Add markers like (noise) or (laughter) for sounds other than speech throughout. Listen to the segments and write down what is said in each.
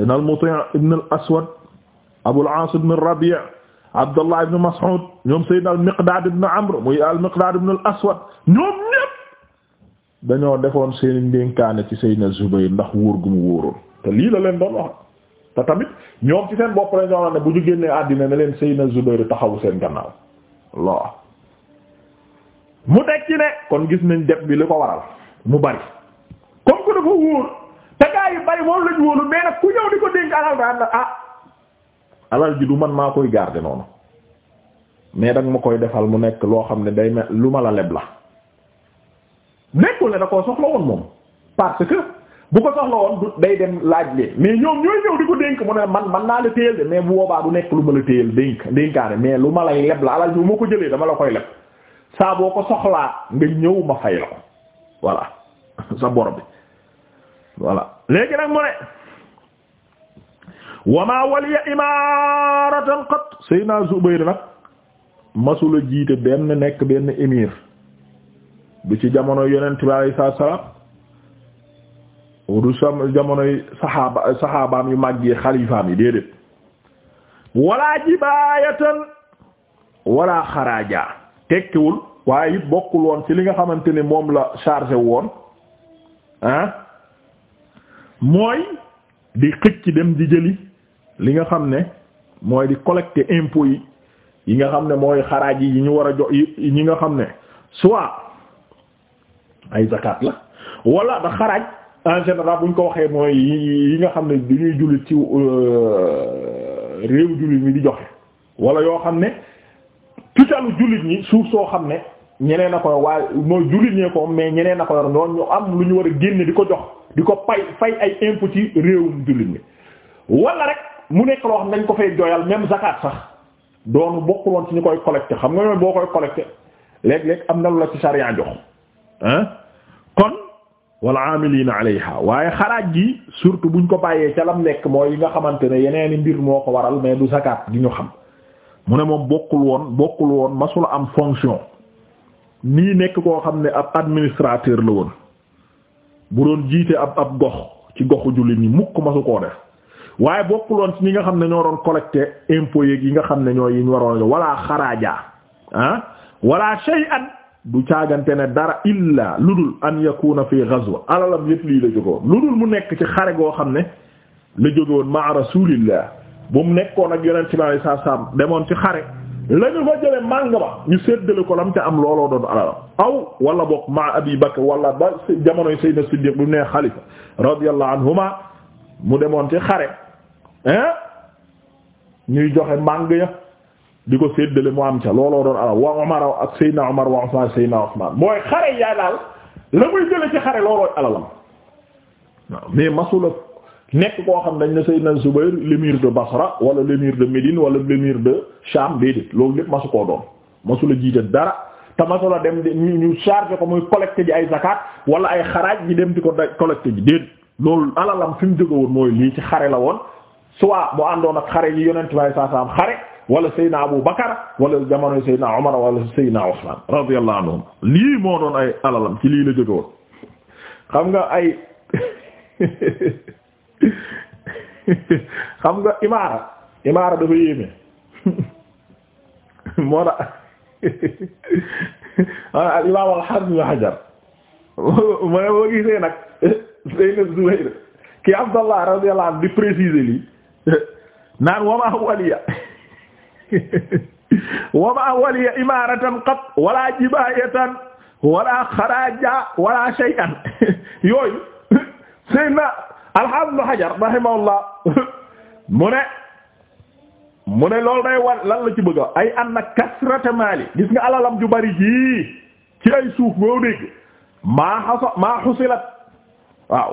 saydna al-Muti' ibn al-Aswad Abul Aas ibn Rabi' Abdullah ibn Mas'ud ñoom saydna al-Miqdad Amr muy al-Miqdad aswad ñoom ñépp dañoo defoon seeni ndénkaane ci saydna Zubayr ndax wóor gu mu wóoroon te lii la leen doon wax te tamit ñoom ci seen bopp lañ doon ne bu ñu génnee àddina ne leen saydna Zubayr taxawu seen gannaaw mu teg ne kon gis nañ def bi li ko waral mu bari comme que dafa wóor te gaa yu bari moom lañu wóolu mais nag ku ñëw di ko dénk alal daan na ah alal ji du man maa koy garder noonu mais danga ma koy defal mu nekk loo xam ne day lu ma la leb la nekkul ne da koo soxla woon moom parce que bu ko soxla woon du day dem laaj lee mais ñoom ñooy ñëw di ko dénk mu ne man man naa la téyel de mais bu boobaa du nekk lu ma la téyel dénk dénkaane mais lu ma lay leb la alal ji bu ma ko jëlee dama la koy leb saaboo ko soxlaa nga ñëw ma fay la (laughs) bor bi voilà léegi nag mu ne wama waliya imaratan qat Seydina Zubayr nag masula jiite benn nekk benn émir du ci jamono yonent bi sa salaam du sam jamonoy saxaabaam yu màgg yi xalifaam yi déedéet wala jibaayatan wala xaraaja tekkiwul waaye it bokkul woon ci li nga xamante ne moom la chargé woon ah mooy di xëcc dem di jëli li nga xam ne mooy di collecter impôts yi yi nga xam ne mooy xaraaj yi yi ñu war a jox yi ñi nga xam ne soit ay zakat la wala da xaraaj en général bu ñu ko waxee mooy yi nga xam ne dañuy jullit ci euh, réew jullit mi di joxe wala yoo xam ne tutalu jullit ñi suuf soo xam ne ñeneen a ko waaye mooy jullit ñee ko mais ñeneen a ko yor ñoo am lu ñu war a génne di ko jox di ko pay fay ay impôt ci réewum jullit mi wala rek mu nekk loo xam dañ ko fay joyal même zakat sax doonu bokkul woon ci ñu koy collecté xam nga ñooy boo koy collecté léeg-léeg am na lu la ci sariya jox ah kon wal amilina alayha waaye xaraaj gi surtout buñ ko bàyyee ca lam nekk mooy yi nga xamante ne yeneeni mbir moo ko waral mais du zakat di ñu xam mu ne moom bokkul woon bokkul woon masula am fonction nii nekk koo xam ne ab administrateur la woon bu doon jiite ab ab gox ci goxu jullit ñi mukk masu koo def waaye bokkuloon ci ñi nga xam ne ñoo doon collecté impôts yeeg yi nga xam ne ñoo yi ñu waroon wala xaraaja ah wala shay'an du caagante ne dara illa lu dul an yakuna fi ghazwa alalam yëpp lii la jógoon lu dul mu nekk ci xare goo xam ne la jógoon ma rasulillah bu mu nekkoon ak yonent ci ma saa saam demoon ci xare lañu fa jële màng ba ñu séddale ko lam te am looloo doon alalam aw wala bokk ma abi bakr wala ba jamonoy sayyidina siddiq bu ne xalifa radiyallahu anhuma mu demoon ci xare hein ñuy joxe màng ya di ko séddale mu am ca looloo doon alal wa umar ak sayyidina umar wa usman sayyidina usman mooy xare yaa daal la muy jële ci xare loolooy alalam waaw masula nekk koo xam dañ ne Seydina Zubayr l'émir de Basra wala l'émir de Médine wala l'émir de Sham déedéet loolu lépp masu koo doon masu la jiite dara te masu la dem di ñu chargé ko muy collecté ji ay zakat wala ay xaraaj ji dem di ko collecté ji déedéet loolu alalam fi mu jóge woon mooy lii ci xare la woon soit mu àndoon ak xare yi yonent bi saa saam xare wala Seydina Abu Bakar wala jamono Seydina Omar wala Seydina Usman radiyallahu anhum lii moo doon ay alalam lii la jóge xam nga ay (laughs) (laughs) xam nga imaara imaara dafa yéeme (laughs) moo tax (laughs) ah, al imaam al xaafis ibn Hajar ma ne boo gisee nag Sayyid Zubayr ki Abdallah radiyallahu anhu di préciser lii naan wama waliya wama waliya imaratan qat wala jibayatan wala xaraja wala shay'an yooyu Sayyidna alxaafis ibnu Hajar rahimahullah (laughs) mu ne mu ne loolu day wan lan la ci bëgg a ay anna kasrata maali gis nga alalam ju bari ji ci ay suuf boo dégg maa xasa maa xusilat waaw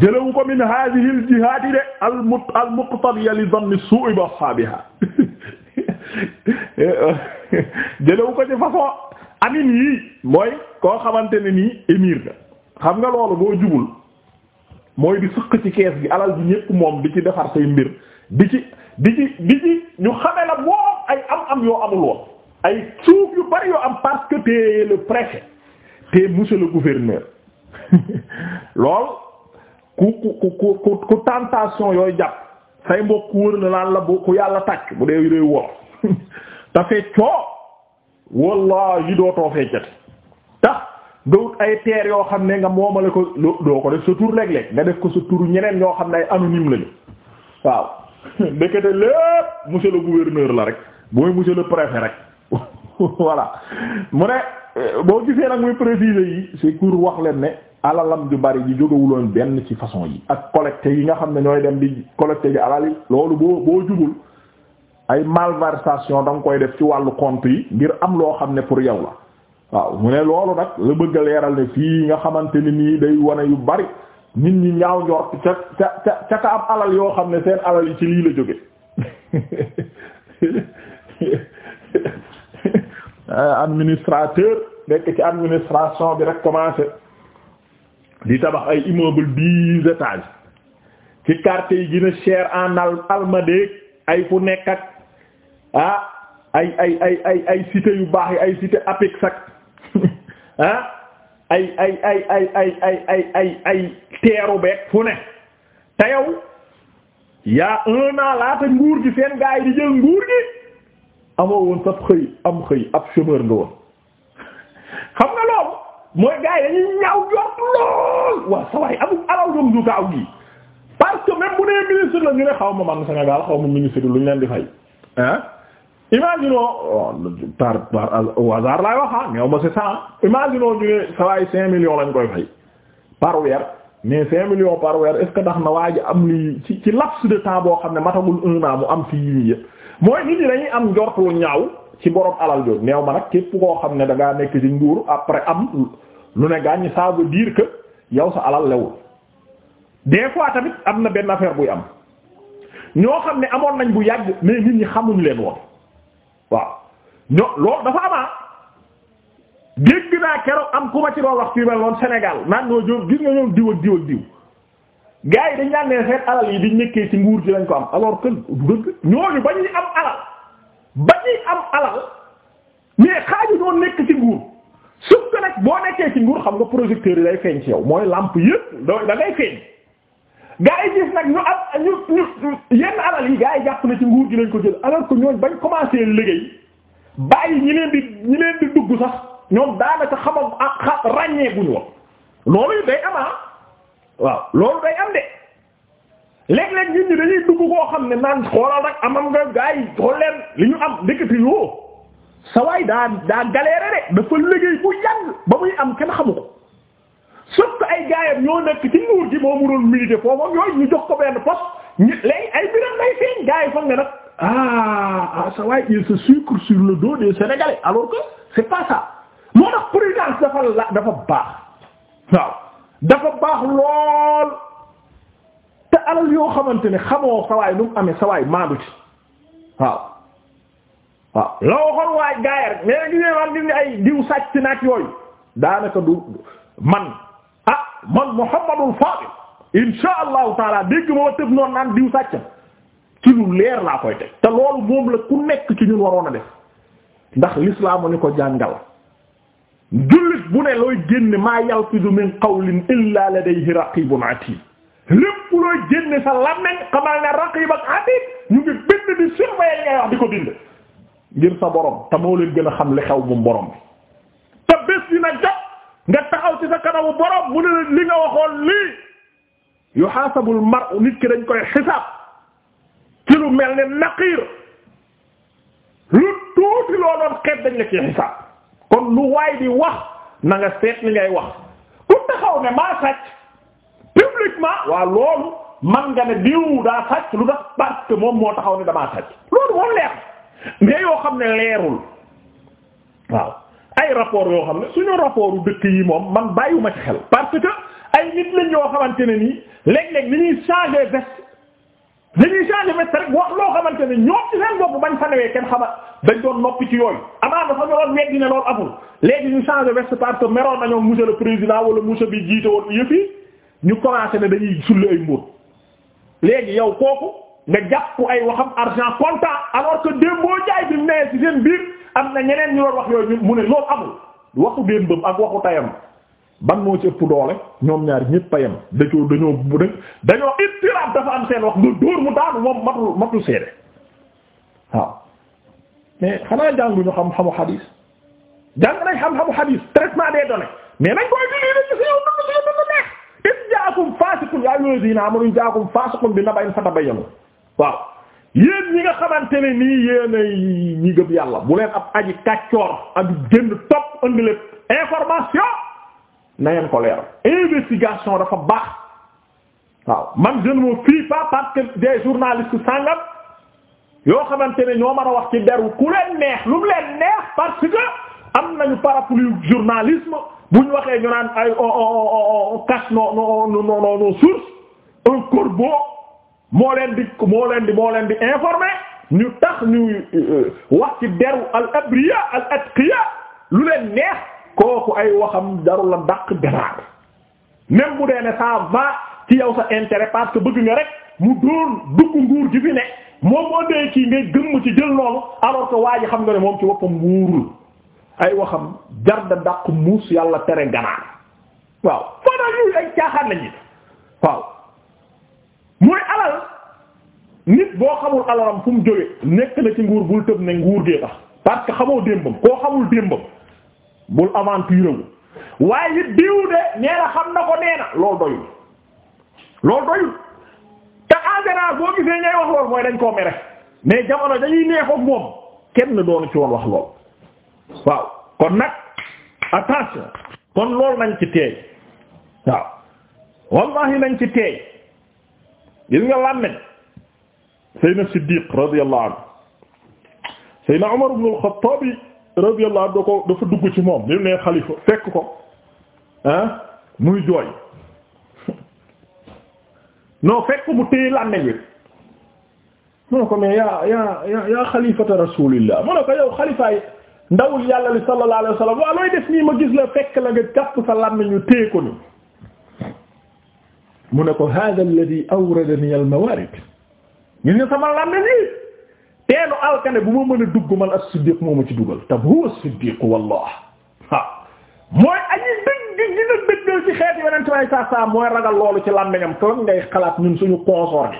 jëlewu ko min hadihi al jihaati de al mu al muqtadiya li danni suu'i bi ashaabiha (laughs) jëlewu ko ci façon amin yii mooy koo xamante ne nii émir na xam nga loolu boo jubul mooy di sëq ci kees gi alal bi ñépp moom di ci defar say mbir di ci di ci di ci ñu xame la boo ay am-am yoo amul woon ay suuf yu bari yoo am parce que le préfet t'es monsieur le gouverneur (laughs) lool ku ku ku ku ku tentation yooyu jàpp say mbokk wër na laan la bu ku yàlla tàcc bu dee réew wolof (laughs) te feccoo wallaahi dootoo feccati tax nga ay terres yoo xam ne nga moomale ko doo ko def sa tur léeg-léeg nga def ko sa tur ñeneen ñoo xam ne ay anonyme lañu waaw (laughs) ndekete lépp monsieur le gouverneur la rek mooy monsieur le préfet rek (laughs) voilà mu ne euh, boo gisee nag muy préciser yi c'est pour wax leen ne alalam ju bari ji jógewuloon benn ci façon yi ak collecte yi nga xam ne ñooy dem di collecte ji alal yi loolu boo boo jubul ay malversation da nga koy def ci wàllu compte yi ngir am loo xam ne pour yow la waaw mu ne loolu nag la bëgg a leeral ne fii nga xamante ni nii day wane yu bari nit ñi ñaaw njort ca ca ca ca ka am alal yoo xam ne seen alal yi ci lii la jóge (laughs) administrateur nekk ci administration bi rek commencé di tabax ay immeuble dix étages ci quartier yi gën cher en al almadeg ay fu nekk ak ah ay ay ay ay ay cité yu baax yi ay cité APEX ak ah ay ay ay ay ay ay ay ay ay teeru beeg fu ne te yow yaa un an laata nguur gi seen gaay di jël nguur gi amoo woon sab xëy am xëy ab chômeur nga woon (laughs) xam nga loolu mooy gaay dañuy ñaaw jot lool waaw sa waay amul alaw ñoom gi parce que même bu ministre la ñu xaw ma man Sénégal xaw ma ministre lu ñu leen di imaginons oh, par par au hasard laay wax ah ñëw ma c'est ça ñu ne salaay cinq millions lañ koy fay par weer mais cinq millions par weer est que tax na waa ji am lii ci ci de temps boo xam ne matagul un an mu am fii mooy nit ñi dañuy am njort lu ñaaw ci borom alal jooju neew ma nag képp koo xam ne da nekk ci nguur après am lu ne gàññ ça veut dire que yow sa alal lewul des fois tamit am na benn affaire buy am ñoo xam ne amoon nañ bu yàgg mais ñi xamuñ leen waaw ño loolu dafa amaa ah. dégg naa keroog am ku ma ci doon wax fii mel noonu Sénégal naan noo joom gis nga ñoom diw ak diw ak diw gars yi dañ naan ne seen alal yi di ñëkkee ci nguur ji lañ ko am alors que dëgg ñooñu ba ñuy am alal ba ñuy am alal mais xaaju ñoo nekk ci nguur suuf que nag boo nekkee ci nguur xam nga projecteur yi day feeñ ci yow mooy lampe yëpp da dangay feeñ gaa yi gis nag ñu am ñu ñu yenn alal yi gaa yi jàpp na ci nguur gi lañ ko jël alors que ñooñ bañ commencé liggéey bàyyi ñi leen di ñi leen di dugg sax ñoom daanaka xamam ah xa ràññee bu ñu wax loolu day am ah waaw loolu day am de léeg-léeg nit ñi dañuy dugg koo xam ne naan xoolal rek amam gaa yi xool leen li ñu am ndekete yoo sa waay daa daa galéré de dafa liggéey bu yàgg ba muy am kenn xamu ko ay gaayam ñoo nekk ci nguur gi moo mënoon militer foofu ak yooyu ñu jox ko benn poste léegi ay biram lay feeñ gaay foog ne nag ah, ah il se sucre sur le dos des Sénégalais alors que c'est pas ça dafa baax waaw dafa baax lool te alal yoo xamante ne xamoo sawaay nu mu amee sawaay maandu ci waaw waaw la waxoon waay gaay rek ne wax ni ay diw sàcc naak yooyu daanaka du man man Muhammadul Faadil insha allahu taala dégg ma tëb noonu naan diw sàcc ci lu leer laa koy teg te loolu moom la ku nekk ci ñun waroon a def ndax lislaamu ni ko jàngal jullit bu ne looy génne maa yalfidu min qawlin illa ladayhi raqibun atid lépp looy génne sa làmmeñ xamal ne raqib ak atid ñu ngi bind di surveiller ngay wax di ko bind ngir sa borom te moo leen gën a xam li xew bu borom bi te bés dina jot ci sa kanamu borom mu ne li nga waxoon lii yuhaasabul mar'u nit ki dañ koy xisaab ci lu mel ne naqiir lu tuuti loo doon xeet dañ la ci xisaab kon lu waay di wax na nga seet li ngay wax ku taxaw ne maa sàcc publiquement waaw loolu man nga ne diw daa sàcc lu tax parce moom moo taxaw ne damaa sàcc loolu moom leer mais yoo xam ne leerul waaw ay rapport yoo xam ne suñu rapport dëkk yi moom man bàyyiwuma ci xel parce que ay nit lañ ñoo xamante ne nii léeg-léeg ni ñuy changer veste dañuy changer veste rek wax loo xamante ne ñoom ci seen bopp bañ fa newee kenn xamal dañ doon noppi ci yooyu avant dafa ñoroon weddi ne loolu amul léegi ñu changer veste parce que meroon nañoo monsieur le président wala monsieur bi jiite woon yëpp ñu commencé ne dañuy sulli ay mbóot léegi yow kooku nga jàpp ay waxam argent comptant alors que Dembo Ndiaye bi mu ci seen biir am na ñeneen ñu war wax yooyu mu ne loolu amul waxu démbam ak waxu tayam ban moo ci ëpp doole ñoom ñaar ñëpp a yem dañoo dañoo dañoo ittirab dafa am seen wax nga dóor mu daanu moom matul matul seede waaw mais xanaa jànguñu xam-xamu xadiis jàng nañ xam-xamu xadiis traitement des données mais nañ koy dili dañu si yow dund si yow dund neex in jaakum faasiqun yaa ayyuhallazina amanu in jaakum waaw yéen ñi nga xamante ne nii yéen ay ñi gëm yàlla bu leen ab aji kàccoor ak génn topp indi leen information na ngeen ko leer investigation dafa baax waaw man jën ne me fie pas parce que des journalistes sàngam yoo xamante ne ñoo mën a wax ci deru ku leen neex lu mu leen neex parce que am nañu parapluie journalisme bu ñu waxee ñu naan ay on on on cache nos nos un corbeau. moo leen di moo leen di moo leen di informé ñu tax ñu euh, wax ci deru al abriya al atqiya lu leen neex kooku ay waxam daru la dàq daraar même bu dee ne ça va ci yow sa intérêt parce que bëgg nga rek mu dóor dugg nguur gi fi ne moom moo dee kii ngay gëmm ci jël noonu alors que waa ji xam nga ne moom ci boppam nguurul ay waxam jar da dàq muus yàlla tere ganaar waaw fanaan yu ay caaxaan lañu waaw mooy alal nit boo xamul alalam fu mu jóge nekk na ci nguur bul tëb ne nguur gee tax parce que xamoo démbam koo xamul démbam bul aventure wu waaye it diw de nee na xam na ko nee na loolu doyul loolu doyul te en boo gisee ngay wax lool mooy dañ koo mere mais jamono dañuy neexoon moom kenn doonu ci woon wax lool waaw kon nag attention kon loolu nañ ci teey waaw wallahi nañ ci teey gis nga làmmeñ Seydina Siddiq radiyallahu anhu Seydina Umar ibn al-Khattab radiyallahu da ko dafa dugg ci moom li mu ne xalifa fekk ko ah muy jooy (laughs) non fekk mu téye làmmeñ wi mu ko mais yaa yaa yaa yaa xalifata rasulillah mu ne ko yow xalifaay ndawul yàlla li sallallahu alayhi wa sallam def nii ma gis la fekk la nga jàpp sa làmmeñ wi téye ko ni mu ne ko hada alladhi awradani al-mawaarid gis nga sama làmmiñ yi teenu alkane bu ma mën a dugg man as-siddiq moo ma ci dugal te huwa as-siddiq wallah ah mooy aji dëgg dina dëggal ci xeeti yeneen tamit saa saa mooy ragal loolu ci làmmiñam te ngay xalaat ñun suñu consort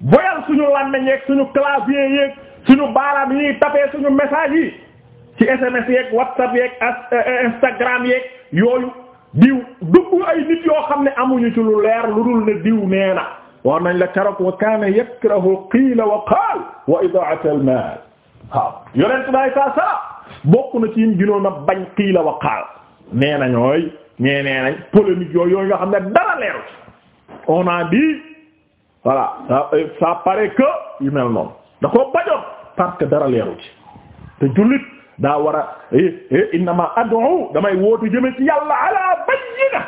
bi boyal suñu làmmiñ yeeg suñu clavier yeeg suñu baaraam yi tapé suñu message yi ci SMS yeeg WhatsApp yeeg Instagram yeeg yooyu. diw dugg ay nit yoo xam ne amuñu ci lu leer lu dul ne diw nee na nañ la keroog wa kaana yakrahu qiila wa qaal wa idaa'ata al maal waaw yonent baay saa saa bokk na ci yim ginoon a bañ qiila wa qaal nee na ñooy ñee nee nañ nga xam ne dara leeru on a dit voilà ça que yu mel noonu da koo bañoon parce dara leeru ci te jullit daa war a eh, eh, innama ad'u damay wootu jëme ci yàlla ala bayyina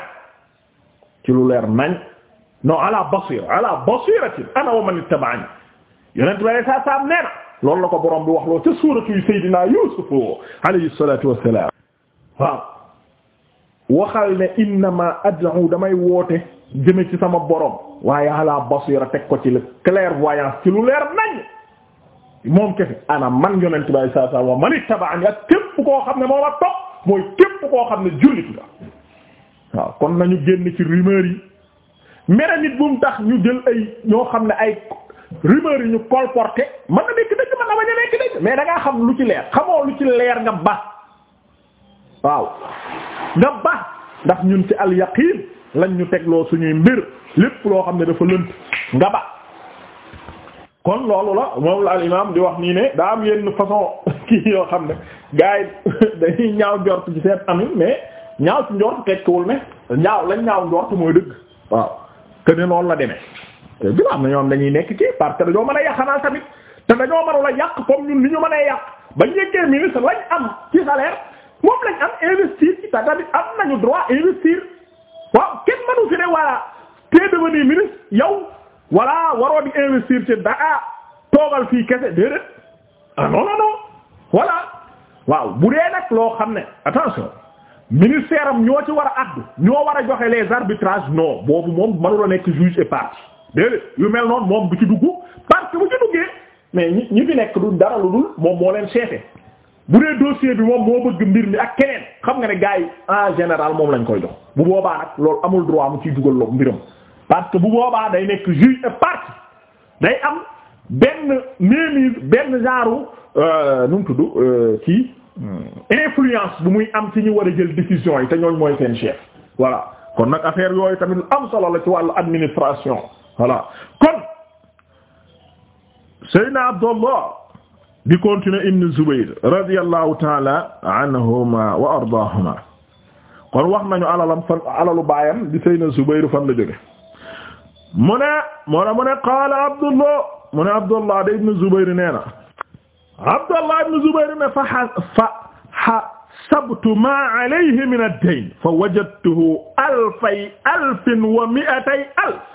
ci lu leer nañ non ala basira ala basiratin ana wa man ittaba'ani yonent bi saa saa nee na loolu la ko borom bi wax loo ca suuratu Seydina Yuusuf alayhi salaatu wassalaam waxal ne innama ad'u damay woote jëme ci sama borom waaye ala basira teg ko ci la clairvoyance ci lu leer nañ moom kese ana man yonent bi saa saa wa man ittaba'ani ak képp koo xam ne moo la topp mooy képp koo xam ne jullit la waaw kon nañu génn ci rumeur yi mere nit bu mu tax ñu jël ay ñoo xam ne ay rumeur yi ñu colporté mën na nekk dëgg mën na bañ a nekk dëgg mais da xam lu ci leer lu ci leer nga ba waaw nga ba ndax ñun ci al yaqin lañ ñu tegloo suñuy mbir lépp loo xam ne dafa lënt nga ba kon loolu la moom la al imam di wax nii ne daa am yenn façon (laughs) kii yoo xam ne gars yi (laughs) dañuy ñaaw jort ci seen ami mais ñaaw ci njort tekkiwul ne ñaaw lañ ñaaw njort mooy dëgg waaw te ne la demee te bi am na dañuy nekk ci parce que dañoo mën a yàqanal tamit te dañoo mënul a yàq comme ñun li ñu mën a yàq ba njëkkee ministre lañ am ci salaire moom lañ am investir ci ta tamit am nañu droit investir waaw kenn mënu fi ne voilà te devenir ministre yow voilà waroo investir ci daa toogal fii kese déedéet ah non non non voilà waaw bu dee nag loo xam ne attention. ministère am ñoo ci war a addu ñoo war a joxe les arbitrages no boobu moom mënula nekk juge et partie déedéet yu mel noonu moom bu ci dugg parce bu ci duggee mais ñi ñi fi nekk du dara lu dul moom moo leen seete bu dee dossier bi moom moo bëgg mbir mi ak keneen xam nga ne gars yi en général moom lañ koy dox bu boobaa nag loolu amul droit mu ciy dugal loolu mbiram parce que bu boobaa day nekk juge et partie day am benn méémise benn genre euh, nu mu tudd euh, kii. influence bu muy am ci ñu war a jël décision yi te ñooñ mooy seen chef voilà kon nag affaire yooyu tamit am solo la ci wàllu administration voilà kon Seydina Abdallah di continuer Ibn Zubayr radiyallahu taala anhuma wa ardaahuma kon wax nañu alalam fan alalu baayam di Seydina Zubayr fan la jóge mu ne mu ne mu Abdullah mu Abdullah da Ibn Zubayr nee na Abdallah ibn Zubayr ne fa hasabtu ma alayhi min ad-dayn fa wajadtuhu alfay alfin wa mi'atay alf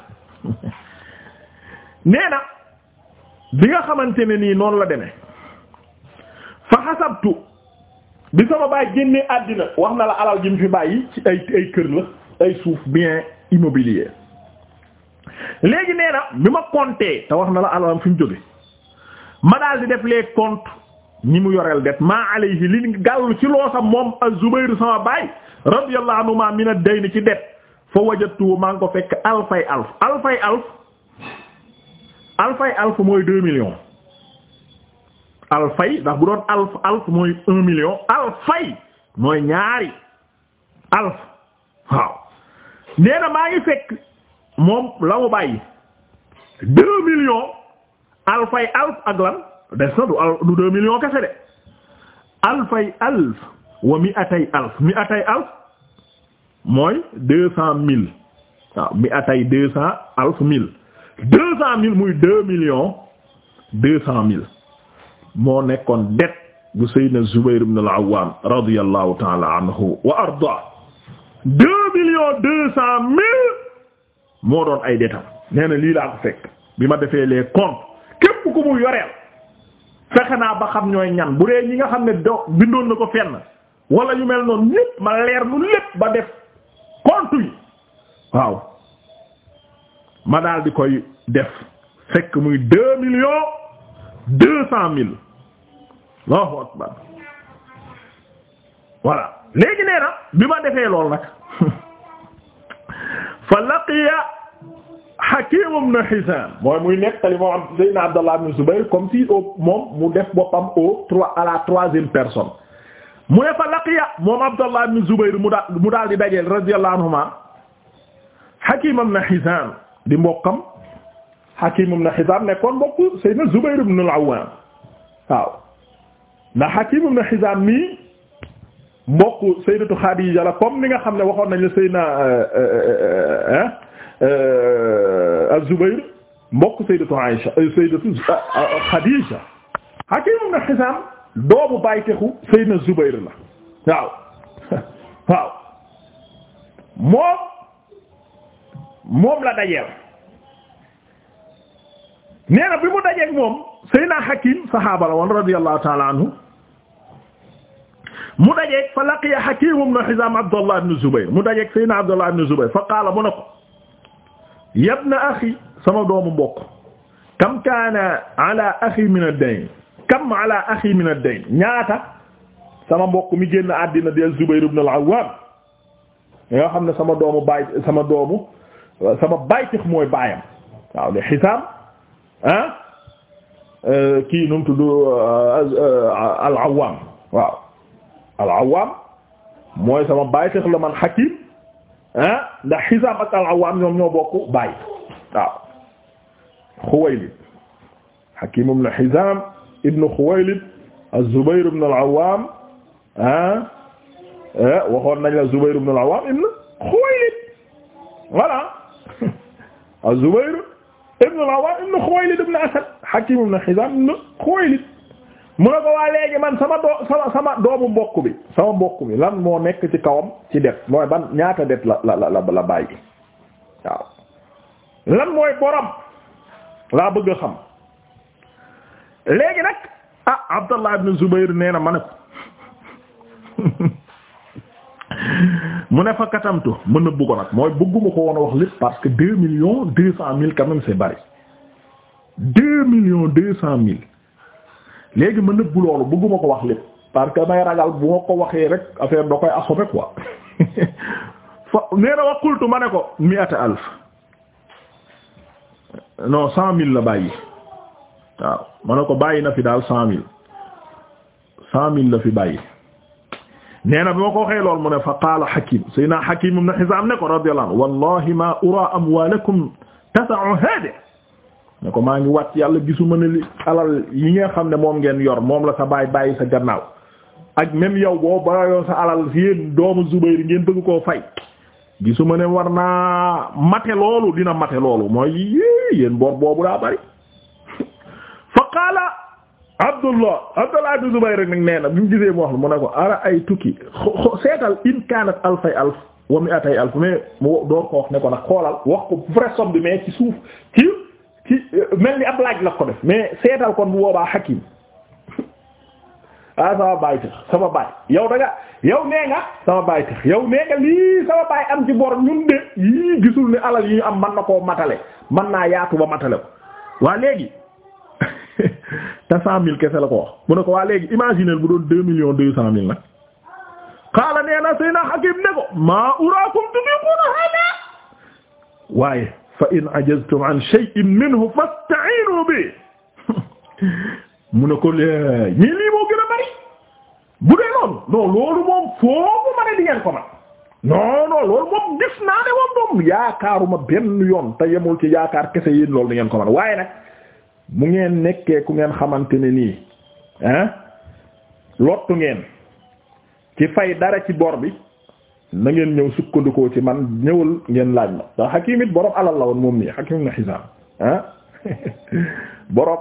nee na bi nga xamante ne nii noonu la demee fa hasabtu bi sama baay génnee àddina wax na la alal gi mu fi bàyyi ci ay ay kër la ay suuf bien immobilier léegi nee na bi ma compter te wax na la alal fi mu jóge ma daal di def les comptes ñi mu yoreel det maa alayhi li gàllu ci loosam moom az-Zubayr sama baay radiyallahu anhu ma min ad-dayn ci det fa wajadtu maa ngi ko fekk alfay alf alfay alf alfay alf mooy deux millions alfay ndax bu doon alf alf mooy un million alfay mooy ñaari alf waaw nee maa ngi fekk moom la mu bàyyi deux millions alfay alf ak lan des na du al du deux millions kese de alfay alf wa mi atay alf mi atay alf mooy deux cent mille waaw mi atay deux cent alf mille mille muy deux millions deux cent mille moo nekkoon det bu Seydina Zubayr ibn al-Awwam radiyallahu ta'ala anhu wa arda deux millions moo doon ay detam nee lii laa ko fekk bi ma defee les comptes képp ku mu yoreel fexe naa ba xam ñooy ñan bu dee ñi nga xam ne do bindoon na ko fenn wala yu mel noonu ñépp ma leer lu lépp ba def compte yi waaw ma daal di koy def fekk muy deux millions deux cent mille Allahu akbar voilà léegi nee na bi ma defee lool nag (laughs) fa laqiya Hakim ibn Hizam mooy muy nettali moo am Seydina Abdallah ibn Zubayr comme si au moom mu def boppam au trois à la troisième personne mu ne laqiya moom Abdallah ibn Zubayr mu daal di dajeel radiyallahu anhuma Hakim ibn Hizam di mbokkam Hakim ibn Hizam nekkoon mbokk mu Zubayr ibn al-Awwam waaw ndax Hakim ibn Hizam mii mbokk Sayyidatu Khadija la comme ni nga xam ne waxoon nañ la Seydina euh, euh, euh, Euh, az-Zubayr mbokk sayyidatu Aïsha euh, sayyidatu euh, Khadija Hakim ibn Hizam doomu baytexu sayyidna Zubayr la waaw (laughs) waaw moom moom la dajeel nee na bi mu dajeek moom sayyidna Hakim sahaaba la woon radiyallahu ta'ala anhu mu dajeek fa laqiya Hakim ibn Hizam Abdullah ibn Zubayr mu dajeek sayyidna Abdullah ibn Zubayr fa qaala mu ne ko yabna axi sama doomu mbokk kam kaana ala axi min ad-dayn kam ala axi min ad-dayn ñaata sama mbokk mi génn àddina di az-Zubayr ibn al-Awwam yoo xam ne sama doomu baay sama doomu sama baay tax mooy baayam waaw li Hisaam ah euh, kii nu mu tudd euh, al-Awwam waaw al-Awwam mooy sama baay tax la man Hakim ah ndax Hizaam ak al-Awaam ñoom ñoo bokk baay waaw Xuwaylid Hakiim ibn Hizaam ibn Xuwaylid az al-Awaam ah al-Awaam ibn Xuwaylid voilà (laughs) az-Zubayr al-Awaam ibn Xuwaylid ibn Asad Hakiim ibn Hizaam mu ne ko waa léegi man sama doo sama sama doomu mbokk bi sama mbokk bi lan moo nekk ci kawam ci def mooy ban ñaata det la la la bàyyi waaw lan mooy borom laa bëgg a xam léegi nag ah Abdallah ibn Zubayr nee na ma ne ko (laughs) mu ne fa katamtu mën na bëggoon nag mooy bëgguma ko woon a wax lépp parce que deux millions deux cent mille quand même c'est bari deux millions deux cent mille léegi ma nëbbu loolu bëgguma ko wax lépp parce que may ragal bu ma ko waxee rek affaire da koy assommé quoi (laughs) fa nee na wa qultu ma ne ko mi'ata alf no cent mille la bàyyi waaw ma ne ko bàyyi na fi daal cent mille cent la fi bàyyi nee na bi ma ko waxee loolu mu ne fa qaala Hakim Seydina Hakim ibn Hizam ne ko radiyallahu anhu wallahi ma ura amwalakum tas'u hadi ne ko maa ngi wat yàlla gisuma ne li alal yi nga xam ne moom ngeen yor moom la sa baay bàyyi sa gannaaw ak même yow boo bayoon sa alal si doomu Zubayr ngeen bëgg koo fay gisuma ne war naa mate loolu dina mate loolu mooy yéen bor boobu daa bari (laughs) fa qaala Abdullah Abdullah ibn Zubayr nag nee na bi mu gisee mu wax mu ne ko ara ay tukki seetal in kaanat alfay alf mais mu door ko wax ne ko ci mel ni ab laaj la ko def mais seetal kon bu boobaa hakim ah sama baay tax sama baay yow da yow nee nga sama baay tax yow nee nga lii sama baay am ci bor ñun de yii gisul ne alal yi ñu am mën na koo matale mën naa yaatu ba matale ko waa léegi (laughs) te cent mille kese la ko wax mu ne ko waa léegi imaginer bu doon deux millions deux cent mille nag xaala nee na sëy na ne ko maa uraakum tubiquna hada waaye fa in ajaztum an shay'in minhu fasta'inu bi mu ne ko la ñii lii moo gën a bari bu dee loolu non loolu moom foofu ma ne di ngeen ko man non loolu moom gis naa ne moom moom yaakaaruma benn yoon te yemul ci yaakaar kese yéen loolu di ngeen ko man waaye nag mu ngeen nekkee ku ngeen xamante ne nii ah lottu ngeen ci fay dara ci bor bi na ngeen ñëw sukkandikoo ci man ñëwal ngeen laaj ma ndax Hakim it borom alal la woon moom nii Hakim ibn Hizam ah (laughs) borom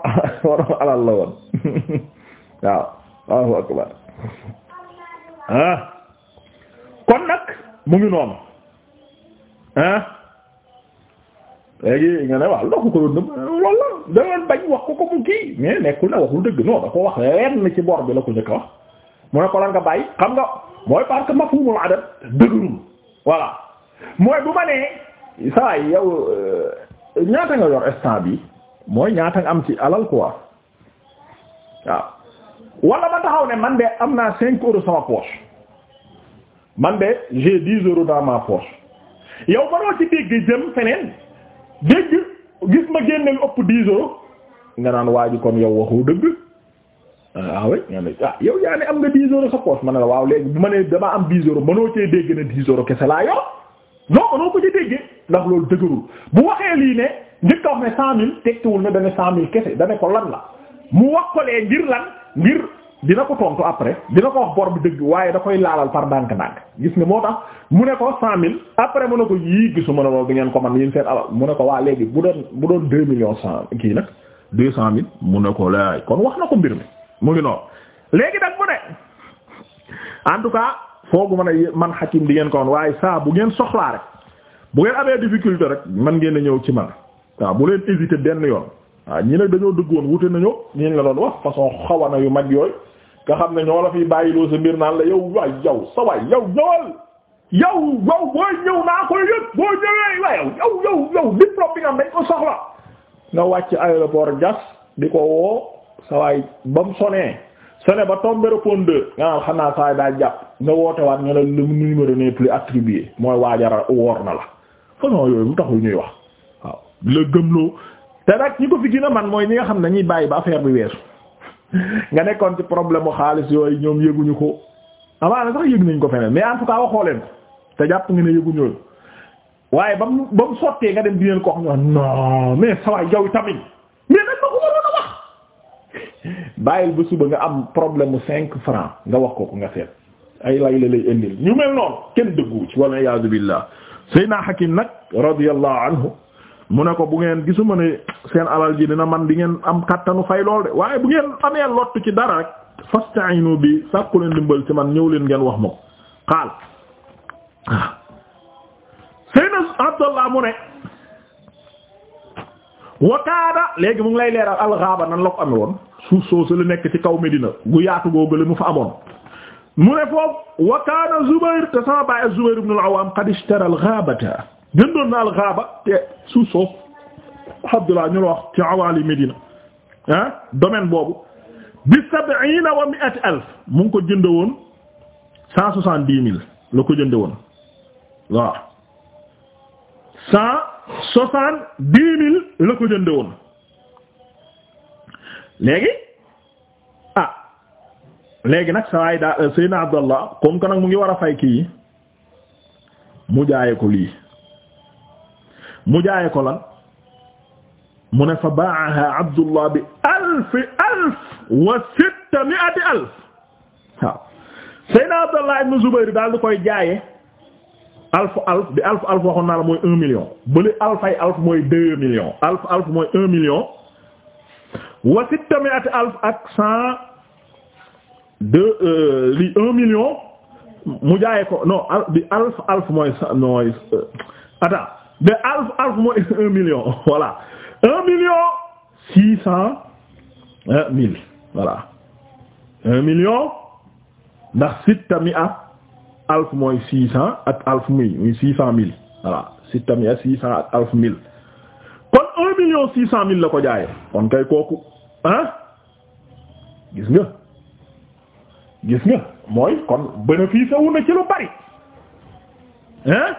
alal la woon (laughs) waaw Allahu akbar ah kon nag mu ngi noonu ah léegi nga ne waaw ndox loolu la da bañ wax ko ko mu kii nekkul na waxul dëgg non da ko wax lenn ci bor bi la ko njëkk wax mu ne ko lan nga bàyyi xam nga. mooy parce que mafhumul adad dëgërul voilà mooy bu ma nee saa yow euh, ñaata nga yor instant bi mooy ñaata nga am ci alal quoi waaw wala ma taxaw ne man de am naa cinq euros sama poche man de j'ai dix euros dans ma poche yow manoo ci dégg jëm feneen dégg gis ma génne ëpp dix euros nga naan waa ji kon yow waxoo dëgg Ah, ah oui nga ne ah yow yaa ne am nga 10 euros sa poche ma la waaw léegi bu ma nee damaa am 10 euros mënoo cee dégg na 10 euros kese laa yor non mënoo ko noo déggee ndax loolu dëgërul bu waxee lii ne njëkk a wax ne 100000 tekkiwul ne da ne 100000 kese da ko lan la mu wax ko lee ngir lan ngir dina ko tontu après dina ko wax bor bi dëgg waaye da koy laalal par ndànk-ndànk gis nga moo tax mu ne ko 100000 après mu ne ko yii gisu ma ne loolu du ngeen ko man yéen seen alal mu ne ko waa léegi bu doon bu doon 2 millions 100 kii nag 200000 mu ne ko laay kon wax na ko mbir mi. mu ngi noonu léegi nag mu ne en tout cas foogu mën a man xakim di ngeen ko woon waaye saa bu ngeen soxlaa rek bu ngeen amee difficulté rek man ngeen a ñëw ci man waaw bu leen hésiter benn yoon waaw ñi nag dañoo dëggoon wute nañu ñeen la doon wax façon xawana yu mag yooyu nga xam ne ñoo la fiy la yow waay yow sa waay yow ñëwal yow yow booy ñëw naa koy yëg boo ñëwee yow yow yow diplôme bi nga am ko soxla nga wàcc aéroport gas di ko woo sawaay ba mu sonee sone ba tombé répondeur deux nga naan xam naa sawaay daa jàpp nga woote waat nga ne le numéro n'est plus attribué mooy waajara woor na la façon yooyu mu taxul ñuy wax waaw la gëmloo te nag ñi ko fi gën a man mooy ñi nga xam ne dañuy bàyyi ba affaire bi weesu (laughs) nga nekkoon ci problème mu xaalis yooyu ñoom yëguñu ko amaana sax yëg nañ ko feneen mais en tout cas waxoo leen te jàpp nga ne yëguñu waaye ba mu ba mu sottee nga dem di ko wax non mais sawaay yow bàyyil ba suba nga am problème mu cinq francs nga wax ko ko nga seet ay lay la lay indil ñu mel noonu kenn dëggu ci walla iyaazu billah Seydina Hakim nag radiyallahu anhu mu ne ko bu ngeen gisuma ne seen alal ji dina man di ngeen am kattanu fay lool de waaye bu ngeen amee lott ci dara rek fasta'inu bi sàkku leen dimbal ci man ñëw leen ngeen wax ma ko xaal Seydina Abdallah mu ne wakaada léegi mu ngi lay leeral alxaaba nan la ko amee woon suuf soosu la nekk ci kaw Medina gu yaatu googu la mu fa amoon mu ne foofu wakaana Zubayr te sama baay Zubayr ibn al-Awwam teral ishtara al-ghaabata jëndoon na alxaaba te suuf soosu Abdullah ñu wax ci awaali Medina ah domaine boobu bi sab'iina wa mi'ati alf mu ngi ko jënd woon cent soixante-dix mille la ko jënd woon waaw soixante-dix la ko jënde woon léegi ah léegi nag sawaay daa euh, Seydina Abdallah comme que nag mu ngi war a fay kii mu jaaye ko lii mu jaaye ko lan mu ne fa baaha Abdullah bi alf alf wa sitta mi'ati alf waaw Abdallah ibn Zubayr daal di koy jaaye alf alf bi alf alf waxoon naa la mooy un million bële alfay alf mooy deux millions alf alf mooy un million wa sitta mi'at alf ak cent deux euh, li un million mu jaayee non al alf alf mooy mooy euh, attends de alf alf mooy un million (laughs) voilà un million six cent mille voilà un million ndax sitta mi'at alf mooy six ak alf mille muy six cent mille voilà sitta mi'a kon un million six cent la ko jaayee kon kay kooku ah gis nga gis nga mooy kon bénéfice wu na lu bari hein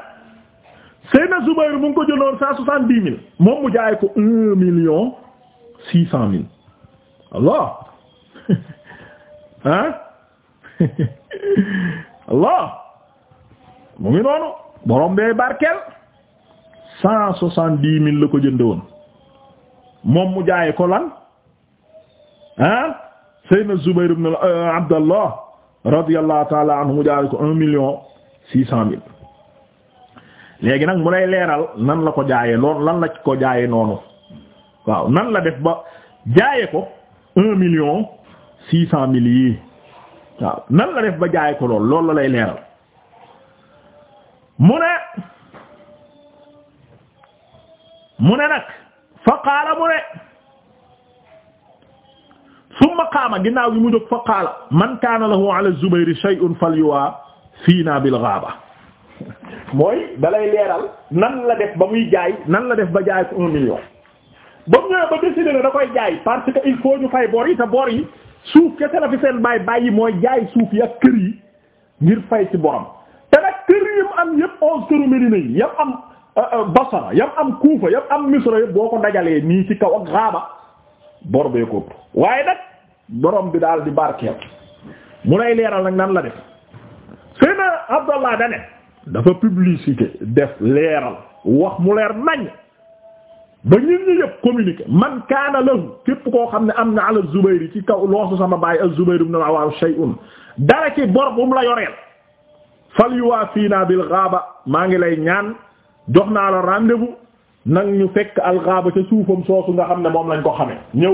Seyna Zubayr mu ngi ko jëndoon ko un million six cent mille Allah (laughs) hein (laughs) mu ngi noonu borom bee barkeel la ko jënd woon moom mu jaaye ko lan ah Seydina Zubayr ibn euh, Abdallah radiyallahu taala anhu mu jaaye ko un million six cent léegi nag mu lay leeral nan la ko jaayee lool lan la ko jaayee noonu waaw nan la def ba jaaye ko un million six cent mille yi waaw nan la def ba jaaye ko lool loolu la lay leeral mu ne mu ne nag fa qaala mu ne summa qaama ginnaaw bi mu jóg fa qaala man kaana lahu ala zubayri shay'un falyuwaafiinaa bil ghaaba (laughs) mooy dalay leeral nan la def ba muy jaay nan la def ba jaay ko un million ba mu ñëwee ba décidé ne da koy jaay parce que il faut ñu fay bor yi te bor yi suuf kese la fi seen baay bàyyi mooy jaay suuf yi ak kër yi ngir fay ci borom kër yam am yëpp onze këru Medina yi yam am euh, euh, Basra yam am Kufa yam am Misra yëpp boo ko dajalee nii ci kaw ak raaba bor bee ko waaye nag borom bi daal di barkeel mu lay leeral nag nan la def Seydina Abdallah dane dafa publicité def leeral wax mu leer nañ ba ñun ñu yëpp communiqué man kaana lahu képp koo xam ne am na ala Zubayr ci kaw loosu sama baay az-Zubayr ibn al-Awwam shay'un dara ci bor mu la yoreel fal yuwaafiina bil gaaba maa ngi lay ñaan jox naa la rendez-vous nag ñu fekk al gaaba ca suufam soosu nga xam ne moom lañ ko xame ñëw